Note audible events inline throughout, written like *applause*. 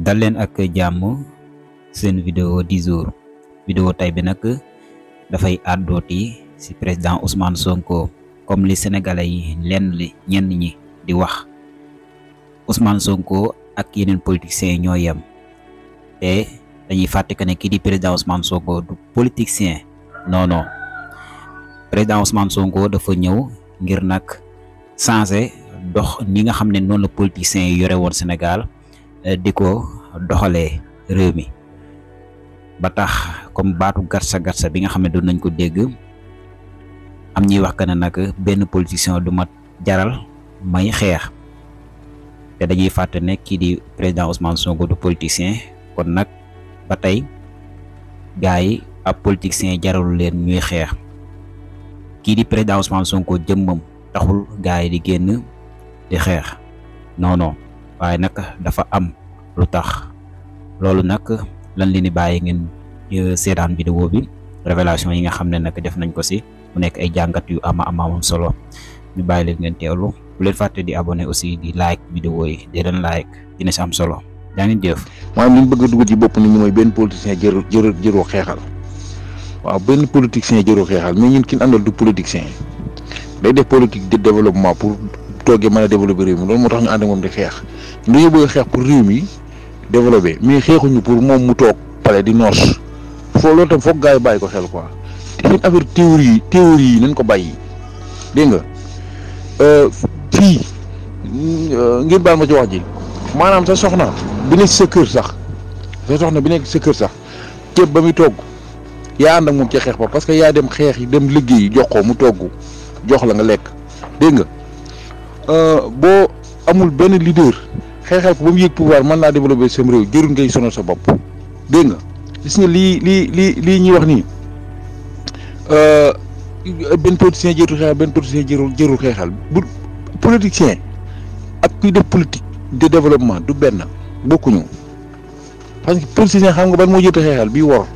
dal leen ak jàmm seen vidéo di jours vidéo tey bi nag dafay àddooti si président Ousmane Sonko comme li sénégalais yi leen li ñenn ñi di wax Ousmane Sonko ak yeneen yi ñoo yem te dañuy fàtte que ne kii di président Ousmane Sonko du politicien non non président Ousmane Sonko dafa ñëw ngir nag changer dox ni nga xam ne noonu la politiciens yi yore woon Sénégal. Eh, di ko doxalee réew mi ba tax comme baatu gatsa gatsa bi nga xam ne doon nañ ko dégg am ñuy wax que ne nag benn politicien du ma jaral may xeex te dañuy fàtte ne kii di président Ousmane Sonko du politicien kon nag ba tey gars yi ab politicien jaralu leen ñuy xeex kii di président Ousmane Sonko jëmmam taxul gars yi di génn di xeex noonoo waye nak dafa am lu tax loolu nag lan li ni bàyyi ngeen ya, seetaan vidéo bi révélation yi nga xamné nak def nañ ko ci mu nek ay jangat yu ama ama am solo ñu baye leen ngeen teewlu bu leen faté di abonné aussi di like vidéo yi di leen like dina ci am solo dañu def moy ñu bëgg dugg ci bop nit ñi mooy benn politicien jëru jëru xéxal wa ben politicien jëru xéxal mais ñun ki andal du politicien day def politique de développement pour toogee mën développer réew mi loolu moo tax ñu ànd moom di xéx dañoo bëgg xeex pour réew mi développé mais xeexuñu pour moom mu toog pare di noos foo loolu tam foog gars yi bàyyi ko xel quoi te seen affaire théorie yi théorie ko bàyyi dégg nga euh, fii euh, ngir baal ma ci wax ji maanaam sa soxna bi nekk sa kër sax sa soxna bi nekk sa kër sax ceeb ba muy togg yaa ànd ak moom ci xeex ba parce que yaa dem xeex yi dem liggéey jox ko mu togg jox la nga lekk dégg nga euh, boo amul benn leader. xeexal ko ba mu yëg pouvoir mën naa développer sam réew jërul ngay sonal sa bopp dégg nga gis nga lii lii lii lii ñuy wax nii euh, benn politicien jërul xeexal benn politicien jërul jërul xeexal bu politicien ak kuy def politique de développement du benn bokkuñu parce que politicien xam nga ban moo jërte xeexal bi wor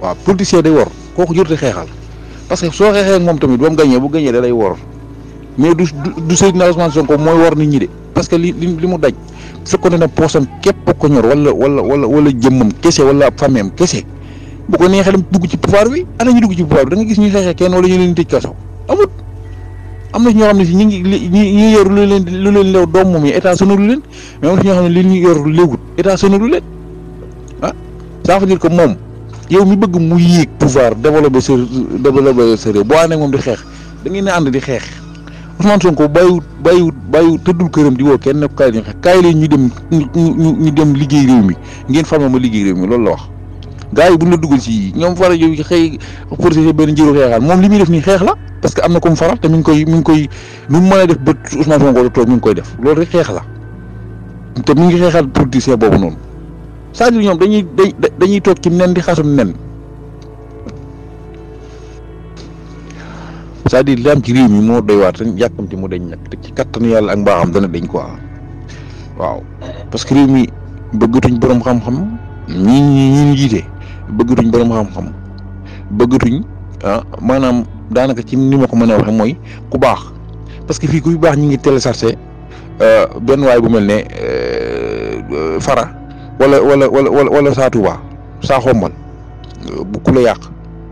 waaw politicien day wor kooku jërte xeexal parce que soo xeexee moom tamit ba mu gañee bu gañee da lay wor mais du du Seydina Ousmane Sonko mooy war nit ñi de parce que li li li mu daj fekkoon ne poosam képp ko ñor wala wala wala wala jëmmam kese wala fameem kese bu ko neexee dem dugg ci pouvoir bi ana ñu dugg ci pouvoir gis ñuy xeexee kenn wala ñu leen tëj kaso amut si ñu ngi ñi ñi yor lu leen lu leen leew doom moom yi état sonalu leen mais am na ci ñoo xam ne li ñu yor léewut état sonalu leen ah ça veut dire que moom yow mi bëgg mu yéeg pouvoir développer sa développer sa réew boo ànd moom di xeex da ngeen a ànd di xeex Ousmane Sonko bàyyiwut bàyyiwut bàyyiwut tëddul këram di woo kenn ne ko kaay leen kaay leen ñu dem ñu ñu dem liggéey réew mi ngeen farma ma liggéey réew mi loolu la wax. gars yi bu ñu la dugal ci ñoom fara yow xëy protéger benn njëriñ xeexaan moom li muy def nii xeex la parce que am na comme faral te mi ngi koy mi ngi koy nu mu a def ba Ousmane Sonko la toog mi ngi koy def loolu rek xeex la te mu ngi xeexal politicien boobu noonu cest à ñoom dañuy dañuy toog ci nen di xasum nen c'est-à-dire li am ci réew mi moo doy waar te yàkkamti mu dañ nag te ci kattan yàlla ak mbaaxam dana dañ quoi waaw parce que réew mi bëggatuñ boroom xam-xam ñi ñi ñi ñu jiite bëggatuñ borom xam-xam bëggatuñ ah, maanaam daanaka ci ni ma ko mën a waxee mooy ku baax parce que fii ku baax ñu ngi téléchargé euh, benn waay bu mel ne euh, Fara wala wala wala wala Saa Touba saa xombal bu ku la yàq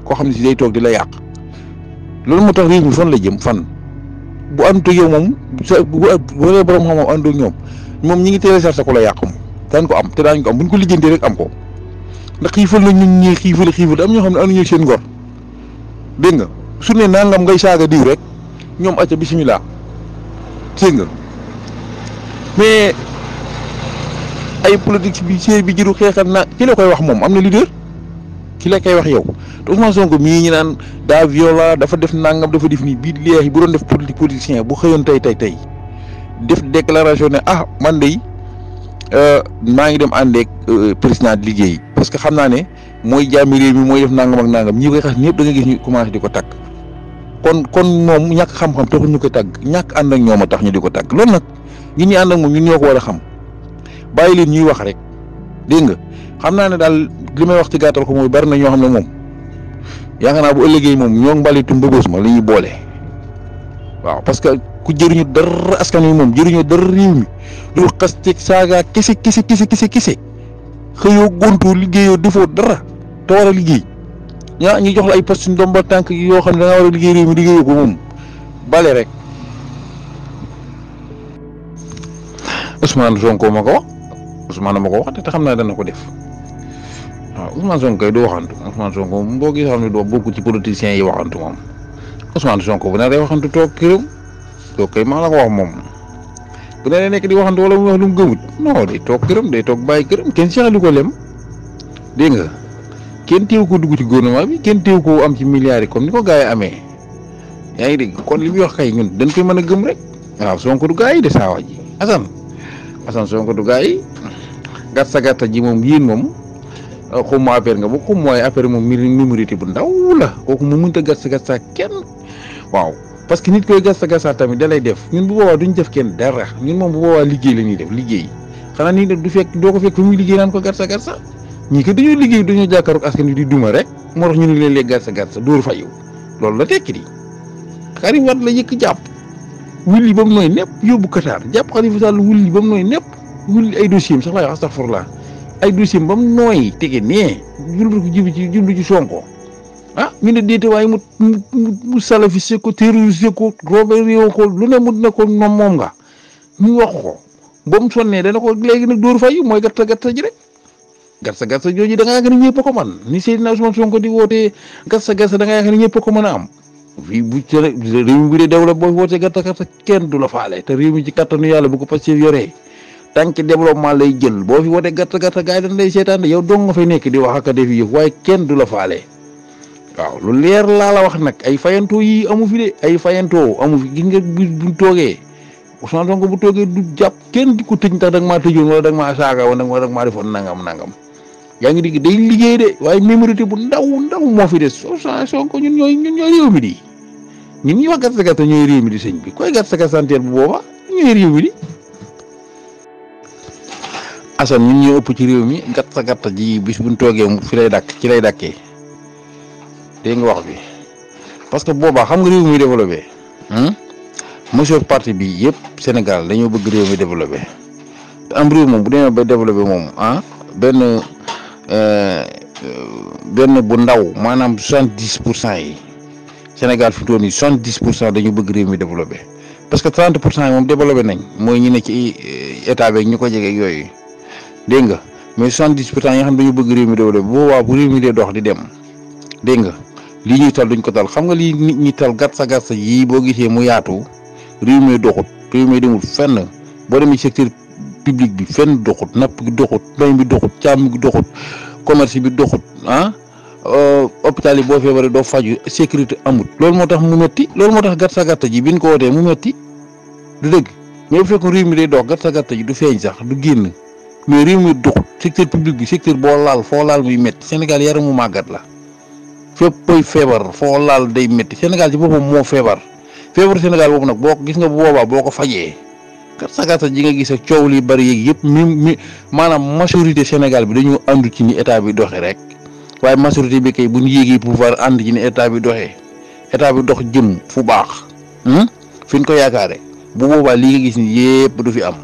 koo xam ne si day toog di la yàq. loolu moo tax réew mi fan la jëm fan bu àndut ak yow moom sa bu bu borom xam ànd àndul ñoom moom ñi ngi teel a ko la yàq moom daan ko am te daañu ko am bu ñu ko lijjantee rek am ko ndax xiifal na ñun ñii xiifal xiifal am ñoo xam ne am nañu seen ngor dégg nga su ne nangam ngay saaga diw rek ñoom acca bisimilah dégg nga mais ay politique bi ci bi jëru xeexal naa ki la koy wax moom am na leader ki la wax yow te Ousmane Sonko mii ñu naan daa violent dafa def nangam dafa def nii bii leex bu doon def politicien bu xëyoon tey tey tey def déclaration ne ah man de euh, maa ngi dem ànd ak euh, président liggéey parce que xam naa ne mooy jàmmi réew mi mooy def nangam ak nangam ñi koy xas ñëpp da nga gis ñu commencé di ko tàkk kon kon moom ñàkk xam-xam taxul ñu ko tàgg ñàkk ànd ak ñoom a tax ñu di ko tàgg loolu nag ñun ñi ànd ak moom ñun ñoo ko war a xam bàyyi leen ñuy wax rek dégg nga xamna ne dal limay wax ci gatal ko moy bari na ñoo xam ne moom yaakaar naa bu ëllëgee moom ñoo mbalitu mbëggoos ma li bolé waaw parce que ku jëriñu dara askan yi mom jëriñu dara riw mi lu xas ci saaga kisi kisi kisi kisi kese xëyoo gontu liggéeyoo defo dara te war a liggéey ñaa ñu jox la ay poste ndombal tànk yoo yo xamne da nga wara a liggéey réew mi liggéeyoo ko mom balé rek Ousmane Jonko mako wax Ousmane mako wax te xamna naa dana ko def waaw Ousmane Sonko kay du waxantu Ousmane Sonko doo bokk ci yi waxantu moom Ousmane Sonko bu naree waxantu toog këram toog kay maa la ko moom bu naree nekk di waxantu wax lu mu gëmut non day toog këram day toog bàyyi këram kenn seexalu ko lem dégg nga kenn teew ko dugg ci gouvernement bi kenn teew ko am ci milliards yi comme ni ko gars yi amee yaa kon li muy wax kay ñun dañ koy mën a gëm rek waaw Sonko du gars yi de saa waaj Assane Assane Sonko du gars yi gàtt sa ji moom yéen moom. mo affaire nga bu moy affaire mo minorité bu ndaw la kooku mo munta gass gassa kenn waaw parce que nit koy gass gassa tamit dalay def ñun bu boobaa duñ def kenn dara ñun mom bu boobaa liggéey la ñuy def liggéey xanaa nii du fekk do ko fekk fu muy liggéey nan ko gassa gassa ñi ko dañuy liggéey dañoo jàkkaroog askan di duma rek mo tax ñu ne leen leg gassa gassa door fayu loolu la tekki di xari wat la yëkk japp wulli bam noy nepp yobu kataar japp xari fa sàll wulli bam noy nepp wulli ay dossier sax laay ya, wax astaghfirullah ay dossier ba mu nooy tege nee jublu ko ci jublu ci Sonko ah ñu ne déete waaye mu mu salafise ko terrorisé ko robe réew ko lu ne mu ne ko moom moom nga mu wax ko ba mu sonnee dana ko léegi nag dóor fay mooy gàtta gàtta ji rek gàtta gàtta jooju da ngaa yaakaar ne ñëpp a ko man ni Seydina Ousmane Sonko di wootee gàtta gàtta da ngaa yaakaar ne ñëpp a ko mën a am fii bu réew mi bu dee daw la booy wootee gàtta gàtta kenn du la faale te réew mi ci kattanu yàlla bu ko Pastef yoree tànk développement lay jël boo fi wote gàtt gàtt gars yi dañ lay seetaan yow dong nga fay nekk di wax ak a yëf waaye kenn du la faale waaw lu leer laa la wax nag ay fayantoo yi amu fi de ay fayantoo amu fi gis bu buñ toogee Ousmane Sonko bu toogee du jàpp kenn di ko tëj da nga maa tëjoon wala da nga maa saaga wala da nga nangam yaa ngi dig day liggéey de waaye minorité bu ndaw ndaw moo fi des Ousmane Sonko ñun ñooy ñun ñooy mi di ñun ñi wax gàtt gàtt ñooy réew mi di sëñ bi koy gàtt gàtt santeer bu booba ñooy réew mi di asan ñun ñoo ëpp ci réew mi gatta gàtta ji bis buñ toogee fi lay dàkk ci lay dàkkee dégg nga wax bi parce que boobaa xam nga réew mi développé monsieur hmm? parti bi yëpp Sénégal dañoo bëgg réew mi développé te am réew moom bu demee ba développé moom ah benn euh, benn bu ndaw maanaam soixante dix pour cent yi Sénégal fi mu toll nii dix pour cent dañu bëgg réew mi développé parce que trente pour cent yi moom développé nañ mooy ñu ne ci euh, état beeg ñu ko jege yooyu. dégg nga mais soixante-dix pour cent yi nga xam dañu bëgg réew mi développé bu boobaa bu réew mi dee dox di dem dégg nga lii ñuy tal duñ ko tal xam nga lii nit ñi tal gàtt sa gàtt yii boo gisee mu yaatu réew mi doxut mi demul fenn boo demee secteur public bi fenn doxut napp gi doxut mbay mi càmm gi doxut commerce bi doxut ah euh, hôpital yi boo feebaree doo faju sécurité amut loolu moo tax mu metti loolu moo tax gàtt sa gàtt bi ñu ko wootee mu metti du dëgg mais bu fekkoon réew mi day dox gàtt sa ji du feeñ sax du génn mais réew mi dox secteur public bi secteur bo laal fo laal muy metti Sénégal yaramu magat la feppay feebar fo laal day metti Sénégal ci bopam mo feebar feebar Sénégal bop nak bok gis nga boba boko fajé ko fajee kat sagata ji nga gis ak ciow li bari yeeg yep manam majorité Sénégal bi dañu andu ci ni état bi doxé rek waye majorité bi kay buñu ñu pouvoir and ci ni état bi doxé état bi dox jëm fu bax hmm ñu ko yaakaare bu boba lii nga gis ni yep du fi am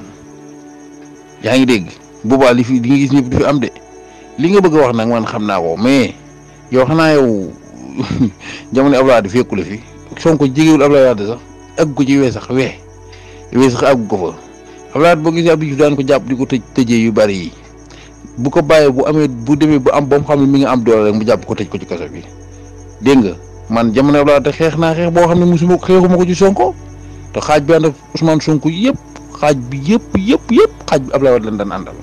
yaangi ngi boobaa li fi li nga gis ñëpp du fi am de li nga bëgg a wax nag man xam naa ko mais yow xanaa yow *laughs* jamono Abdoulaye fekku la fi Sonko jegewul Abdoulaye sax àgg ko ci wee sax wee wee sax àgg ko fa Abdoulaye boo gisee Abdou Diouf daan ko jàpp di ko tëj tëjee yu bari yi bu ko bàyyee bu amee bu demee bu am ba xam ne mi nga am doole mu jàpp ko tëj ko ci kaso bi dégg nga man jamono Abdoulaye te xeex naa xeex boo xam ne mosuma xeexuma ko ci Sonko te xaaj bi ànd ak Ousmane Sonko yëpp xaaj bi yëpp yëpp yëpp xaaj bi Abdoulaye Wade la daan àndal.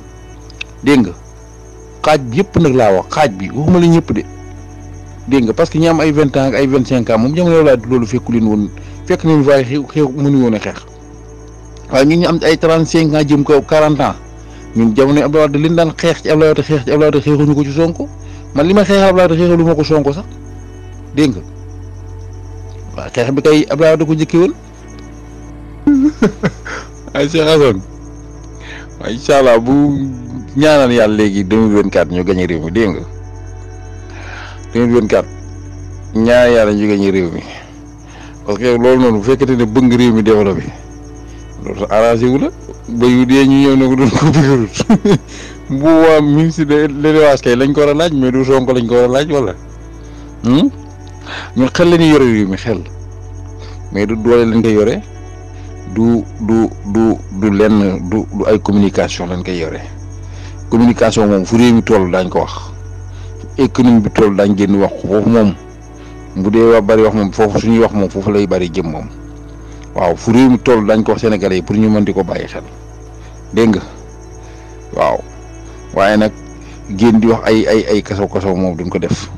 dégg nga xaaj bi yëpp nag laa wax xaaj bi waxuma la ñëpp de dégg nga parce que ñi am ay vingt ans ay vingt cinq ans moom jamono laa loolu fekku leen fekk nañu waaye xew xew xeex waaye ñun ñu am ay trente cinq ans jëm kaw quarante ans jamono Abdoulaye Wade liñ daan xeex ci Abdoulaye Wade xeex xeexuñu ko ci sonk man li ma xeexal Abdoulaye Wade xeexalu ma ko Sonko sax dégg nga waaw xeex bi kay Abdoulaye Wade ko njëkkee woon *laughs* ay Cheikh waaye incha ñaanal yàlla léegi 2024 ñu gañe réew mi dégg nga 2024 ñaanal yàlla ñu gañe réew mi parce que loolu noonu bu fekkente ne bëgg réew mi développe loolu arrangé wu la béyu dee ñu ñëw ne ko doon ko *laughs* de l'élevage kay lañ ko war a laaj mais du Sonko lañ ko war a laaj walla ñun hmm? xel la ñuy yore réew mi xel mais du doole lañ koy yore du du du du lenn du du ay communication lañ koy yore. communication moom fu réew mi toll daañ ko wax économie bi toll daañ génn wax ko foofu moom bu dee bari wax moom foofu suñuy wax moom foofu lay bari jëm moom waaw fu réew mi toll daañ ko wax sénégalais yi pour ñu man di ko bàyyi xel dégg nga waaw waaye nag génn di wax ay ay ay kasaw kasaw moom duñ ko def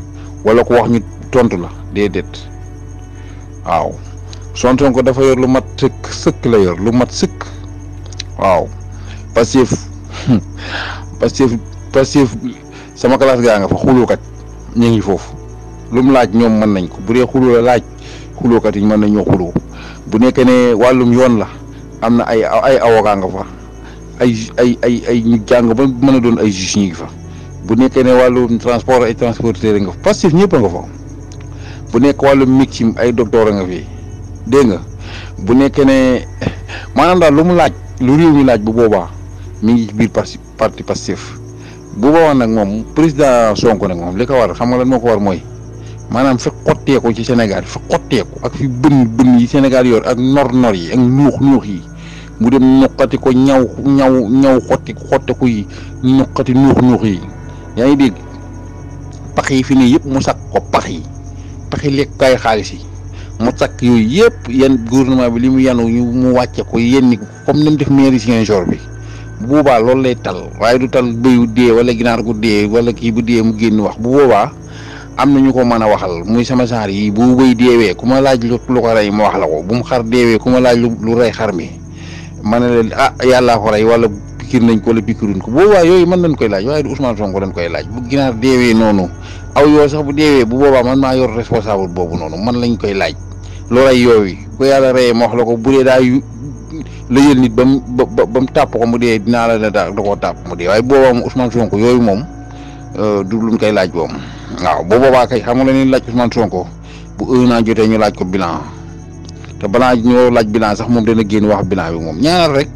wala ko wax ñu tontu la déedéet waaw sontoon ko dafa yor lu mat sëkk sëkk la lu mat sëkk waaw parce Pastef Pastef sama classe gaa nga fa xulookat ñu ngi foofu lu mu laaj ñoom mën nañ ko bu dee xuloo la laaj xulookat yi mën nañoo ñoo xuloo bu nekkee ne wàllum yoon la am na ay ay avocat nga ay ay ay ay ñu jàng ba mën a doon ay juge bu nekkee ne wàllum transport ay transporteur nga fa Pastef ñëpp nga fa bu nekk wàllum médecine ay docteur nga fi dégg nga bu nekkee ne maanaam daal lu mu laaj lu réew mi laaj bu boobaa mu ngi biir Pastef parti passif bu boobaa nak mom president Sonko nak mom li ko war xam nga lan moko war moy manam fi xotteeku ci senegal fi xotteeku ak fi bën bën yi senegal yor ak nor-nor yi ak nuux-nuux yi mu dem nokati ko ñaw ñaw ñaw xotti xotteku yi nokati nuux-nuux yi yaay ngi pax yi fini yep mu sakk ko pax yi pax yi lek kay mu yoy yep yeen gouvernement bi limu yanu mu wacce ko yenni comme ni def mairie Ziguinchor bi. bu boobaa loolu lay tal waaye du tal bëyu dee wala ginaar gu dee wala kii bu dee mu génn wax bu boobaa am na ñu ko man a waxal muy sama saar yi bu bëy deewee ku ma laaj lu ko rey ma la ko bu mu xar deewee ku ma laaj lu rey xar mi ma ne leen ah yàllaa ko rey wala pikir nañ ko wala pikiruñ ko boobaa yooyu man nañ koy laaj waaye du Ousmane Sonko dañ koy laaj bu ginaar deewee noonu aw yoo sax bu deewee bu boobaa man maa yor responsable boobu noonu man lañ koy laaj lu rey yooyu ku yàlla reyee la jël nit ba mu ba ba mu tàpp ko mu dee dinaa la ne da koo tàpp mu dee waaye boobaa moom Ousmane yooyu moom euh, du luñ koy laaj moom waaw bu boobaa kay xam nga la ñuy laaj Ousmane Sonko bu un an ñu laaj ko bilan te balaa ñoo laaj bilan sax den a génn wax bilan bi moom ñaanal rek.